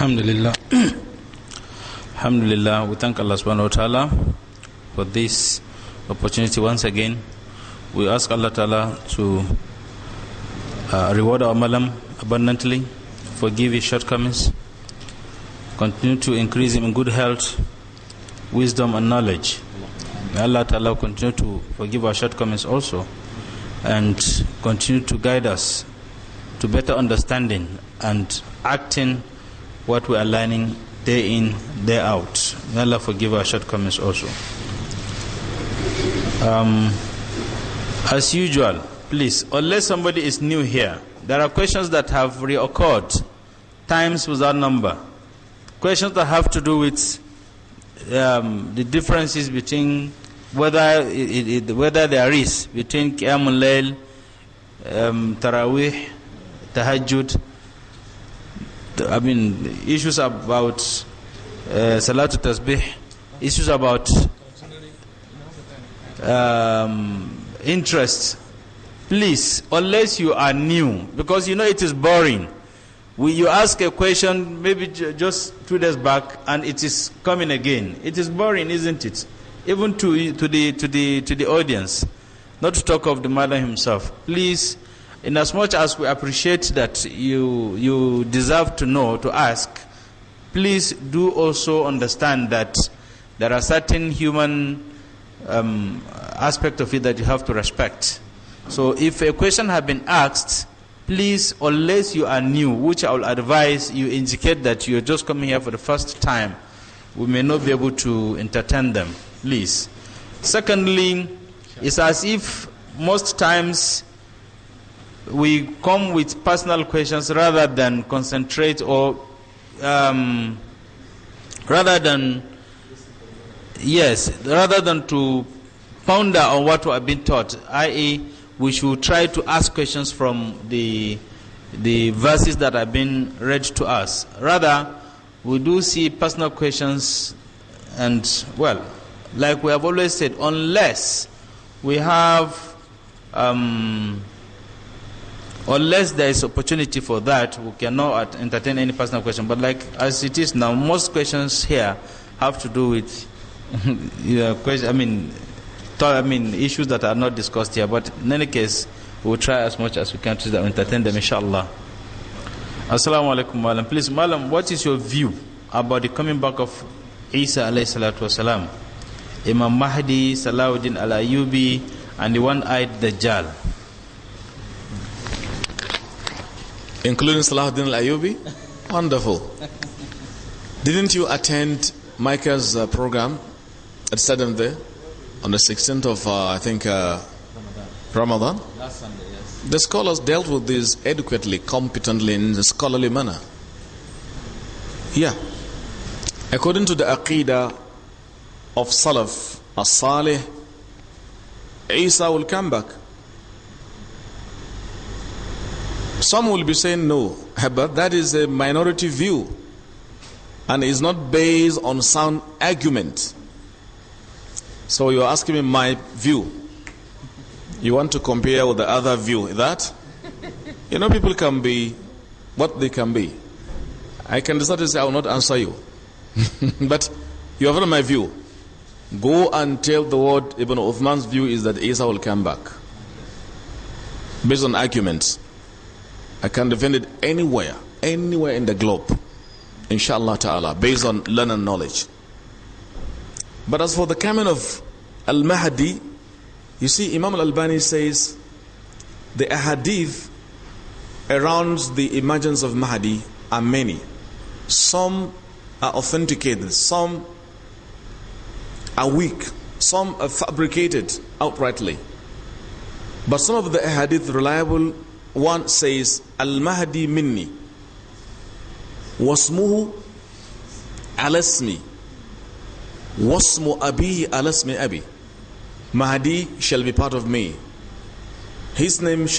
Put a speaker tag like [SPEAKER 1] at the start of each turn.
[SPEAKER 1] Alhamdulillah. Alhamdulillah, we thank Allah subhanahu wa ta'ala for this opportunity once again. We ask Allah ta'ala to uh, reward our malam abundantly, forgive his shortcomings, continue to increase him in good health, wisdom and knowledge. May Allah ta'ala continue to forgive our shortcomings also and continue to guide us to better understanding and acting what we are learning day in, day out. May Allah forgive our shortcomings also. Um, as usual, please, unless somebody is new here, there are questions that have reoccurred, times without number. Questions that have to do with um, the differences between whether it, it, whether there is between Qiyamul Layl, um, Tarawih, Tahajjud, I mean, issues about uh, Tasbih, issues about um, interest. Please, unless you are new, because you know it is boring. We, you ask a question maybe just two days back and it is coming again. It is boring, isn't it? Even to, to, the, to, the, to the audience. Not to talk of the mother himself. Please, in as much as we appreciate that you, you deserve to know, to ask, please do also understand that there are certain human um, aspect of it that you have to respect. So if a question has been asked, please, unless you are new, which I will advise you indicate that you are just coming here for the first time, we may not be able to entertain them, please. Secondly, it's as if most times we come with personal questions rather than concentrate or um, rather than yes rather than to ponder on what we have been taught i.e we should try to ask questions from the the verses that have been read to us rather we do see personal questions and well like we have always said unless we have um, Unless there is opportunity for that, we cannot entertain any personal question. But like as it is now, most questions here have to do with, question, I mean, I mean, issues that are not discussed here. But in any case, we'll try as much as we can to entertain them, inshallah. Assalamu alaikum, Malam. Please, Malam, what is your view about the coming back of Isa alayhi salatu wasalam, Imam Mahdi, Salahuddin al-Ayubi, and the one-eyed Dajjal?
[SPEAKER 2] including Salahuddin al-Ayubi? Wonderful. Didn't you attend Micah's uh, program at Saddam there on the 16th of, uh, I think, uh, Ramadan? Ramadan? Last
[SPEAKER 1] Sunday, yes.
[SPEAKER 2] The scholars dealt with this adequately, competently, in a scholarly manner. Yeah. According to the Aqidah of Salaf, as-Salih, Isa will come back. Some will be saying no, but that is a minority view and is not based on sound argument. So you're asking me my view. You want to compare with the other view. That? You know, people can be what they can be. I can decide to say I will not answer you. but you have heard my view. Go and tell the world Ibn Uthman's view is that Isa will come back. Based on arguments. I can defend it anywhere, anywhere in the globe, inshallah ta'ala, based on learned knowledge. But as for the coming of Al Mahdi, you see, Imam Al Albani says the ahadith around the emergence of Mahdi are many. Some are authenticated, some are weak, some are fabricated outrightly. But some of the ahadith reliable one says Al Mahdi Minni Wasmuhu Alasmi Wasmu Abi Alasmi Abi Mahdi shall be part of me. His name shall.